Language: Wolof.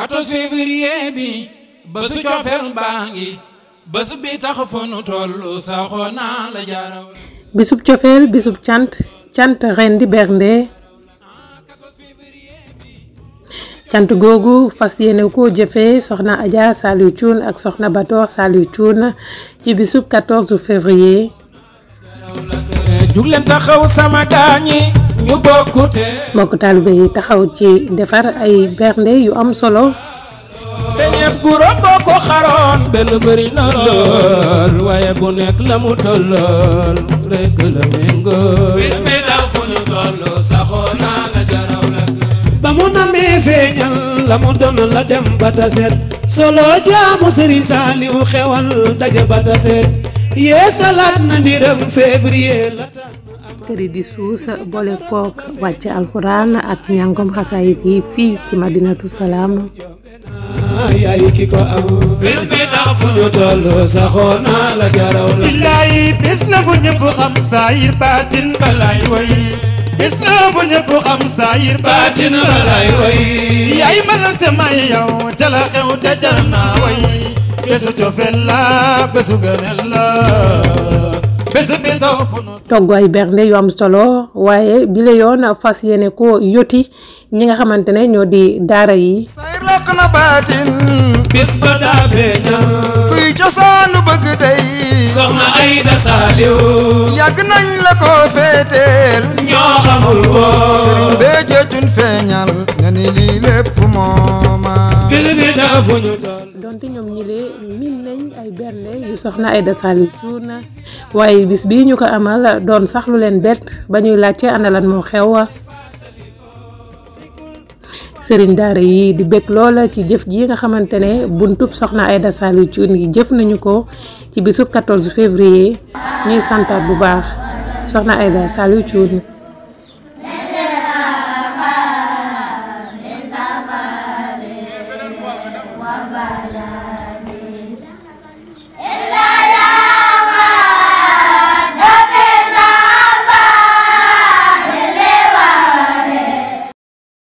14 février bi bésu coofeel baa ngi bisub cofeel bisub cant cant ren bernde cant googu fas yéene ko jëfe soxna ajaar Saliou Thioune ak soxna Bator Saliou Thioune ci bisub février ñu bokk te mbokk taalibe yi taxaw ci defar ay bernde yu am solo te ñépp guro boo ko xaroon benn bëri na lool waaye bu nekk la mu tollool rekk la méngoo bis bi daw fu ñu tollu saxoo naa la jaraw la ba mu namee feeñal la mu doon la dem ba solo jaamu Serigne Saliou xewal daje ba yee salaat na ndiram février la Bakary di suus boole kook wàcc alxuraan ak njàngom xasaayit yi fii ci madinatu salaam yaay ki ko am bis bi tax fu ñu toll saxoo naa la jaraw la billaay bis la bu ñëpp xam saayir baatin balaay way bis la bu ñëpp xam saayir baatin balaay way yaay mënante may yow ca la xew dajar naa way bésu cofeel la bésu gëneel la togg ay bernde yu am solo waaye bi la yoon fas yéene ko yoti ñi nga xamante ne ñoo di daara yi bis ba daa feeñal kuy cosaanu bëgg tey soxna ay dasaliw yàgg nañ la ko féeteel ñoo xamul woon sëriñ bee jëjun feeñal nga ni lii lépp mooma donte ñoom ñi lee miin nañ ay bernde yu soxna ay Saliou tuur na waaye bis bii ñu ko amal doon saxlu leen bett ba ñuy laajte ana lan moo xew serigne daara yi di bekk loola ci jëf ji nga xamantene ne buntub soxna ayda salu Thioune gi jëf nañu ko ci bisub 14 février ñuy santaat bu baax soxna ayda salu Thioune